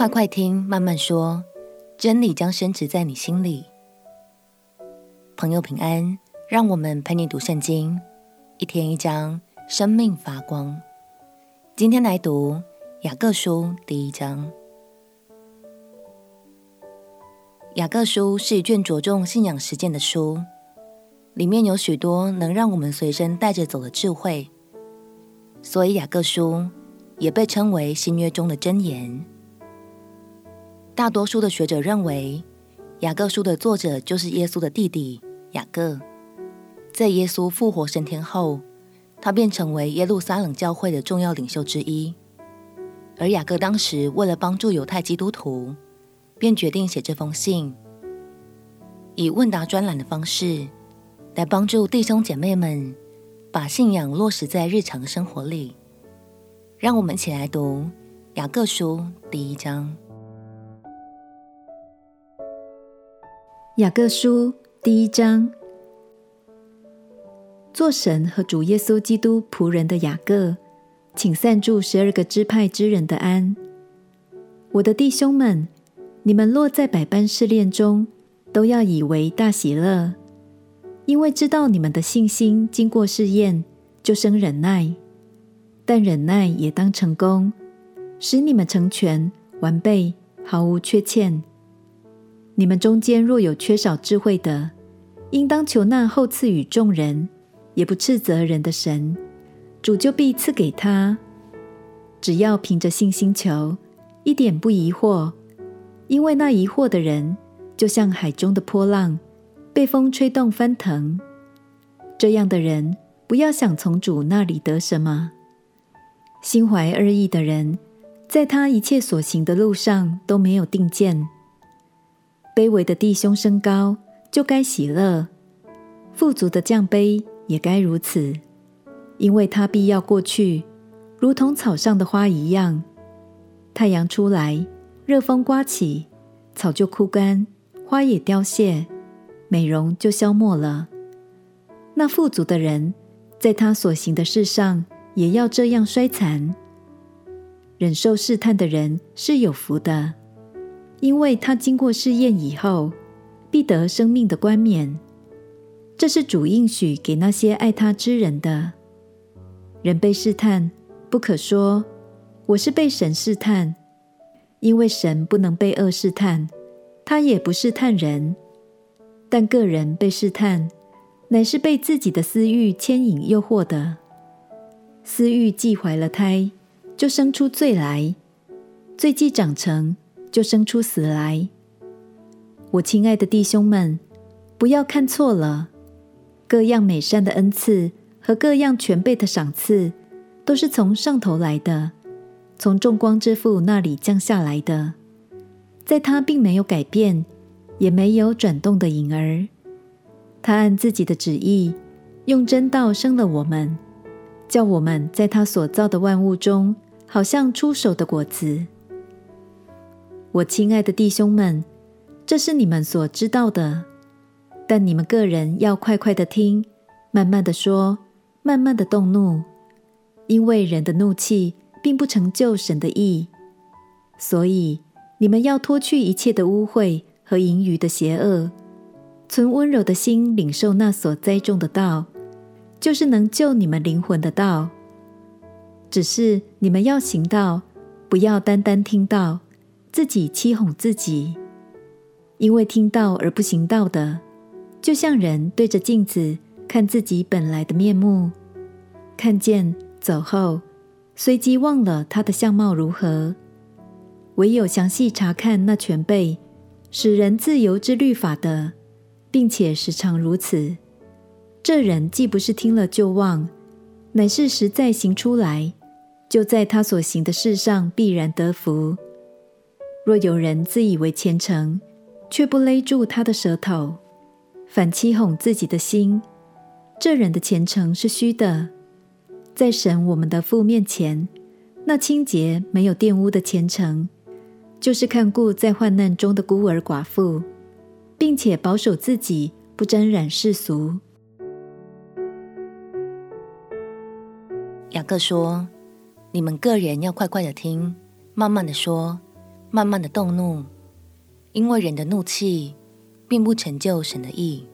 快快聽，慢慢說，真理將深植在你心裡。朋友平安，讓我們陪你讀聖經，一天一章，生命發光。今天來讀雅各書第一章。雅各書是一卷着重信仰實踐的書，裡面有許多能讓我們隨身帶着走的智慧，所以雅各書也被稱為新約中的箴言。大多數的學者認為，《雅各書》的作者就是耶穌的弟弟雅各。在耶穌復活升天後，他便成為耶路撒冷教會的重要領袖之一。而雅各當時為了幫助猶太基督徒，便決定寫這封信，以問答專欄的方式，來幫助弟兄姐妹們把信仰落實在日常生活裡。讓我們一起來讀《雅各書》第一章。雅各書第一章：做神和主耶穌基督僕人的雅各，請散住十二個支派之人的安。我的弟兄們，你們落在百般試煉中，都要以為大喜樂，因為知道你們的信心經過試驗，就生忍耐。但忍耐也當成功，使你們成全、完備，毫無缺欠。你們中間若有缺少智慧的，應當求那厚賜與眾人，也不斥責人的神，主就必賜給他。只要憑着信心求，一點不疑惑，因為那疑惑的人，就像海中的波浪，被風吹動翻騰。這樣的人，不要想從主那裡得什麼。心懷二意的人，在他一切所行的路上都沒有定見。卑微的弟兄升高，就該喜樂；富足的降卑，也該如此，因為他必要過去，如同草上的花一樣。太陽出來，熱風颳起，草就枯乾，花也凋謝，美容就消沒了。那富足的人，在他所行的事上，也要這樣衰殘。忍受試探的人是有福的。因為他經過試驗以後，必得生命的冠冕。這是主應許給那些愛他之人的。人被試探，不可說我是被神試探，因為神不能被惡試探，他也不試探人。但各人被試探，乃是被自己的私欲牽引誘惑的。私欲既懷了胎，就生出罪來；罪既長成，就生出死來。我親愛的弟兄們，不要看錯了。各樣美善的恩賜和各樣全備的賞賜，都是從上頭來的，從眾光之父那裡降下來的。在他並沒有改變，也沒有轉動的影兒。他按自己的旨意，用真道生了我們，叫我們在他所造的萬物中，好像初熟的果子。我親愛的弟兄們，這是你們所知道的，但你們各人要快快的聽，慢慢的說，慢慢的動怒，因為人的怒氣並不成就神的義，所以你們要脫去一切的污穢和盈餘的邪惡，存溫柔的心領受那所栽種的道，就是能救你們靈魂的道。只是你們要行道，不要單單聽道。自己欺哄自己，因為聽道而不行道的，就像人對着鏡子看自己本來的面目，看見走後，隨即忘了他的相貌如何；唯有詳細查看那全備使人自由之律法的，並且時常如此，這人既不是聽了就忘，乃是實在行出來，就在他所行的事上必然得福。若有人自以為虔誠，卻不勒住他的舌頭，反欺哄自己的心，這人的虔誠是虛的。在神我們的父面前，那清潔沒有玷污的虔誠，就是看顧在患難中的孤兒寡婦，並且保守自己不沾染世俗。雅各說：“你們個人要快快的聽，慢慢的說。”慢慢的動怒，因為人的怒氣並不成就神的義。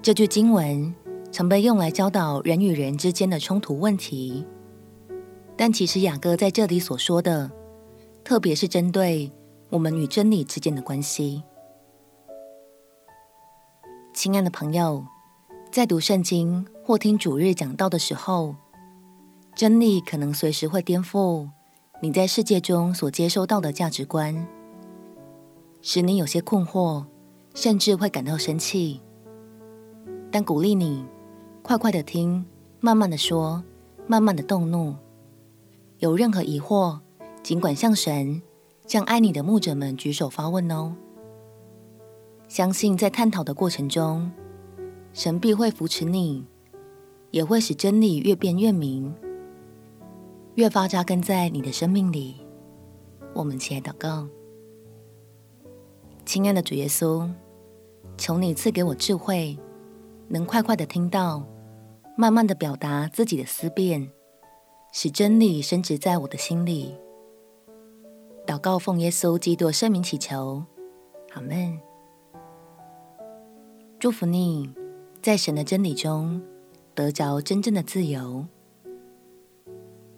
這句經文曾被用來教導人與人之間的衝突問題，但其實雅各在這裡所說的，特別是針對我們與真理之間的關係。親愛的朋友，在讀聖經或聽主日講道的時候，真理可能隨時會顛覆。你在世界中所接收到的價值觀，使你有些困惑，甚至會感到生氣。但鼓勵你，快快的聽，慢慢的說，慢慢的動怒。有任何疑惑，儘管向神、向愛你的牧者們舉手發問哦。相信在探討的過程中，神必會扶持你，也會使真理越辯越明。越發紮根在你的生命裡，我們起來禱告。親愛的主耶穌，求你賜給我智慧，能快快的聽到，慢慢的表達自己的思辨，使真理深植在我的心裡。禱告奉耶穌基督聖名祈求，阿門。祝福你，在神的真理中得着真正的自由。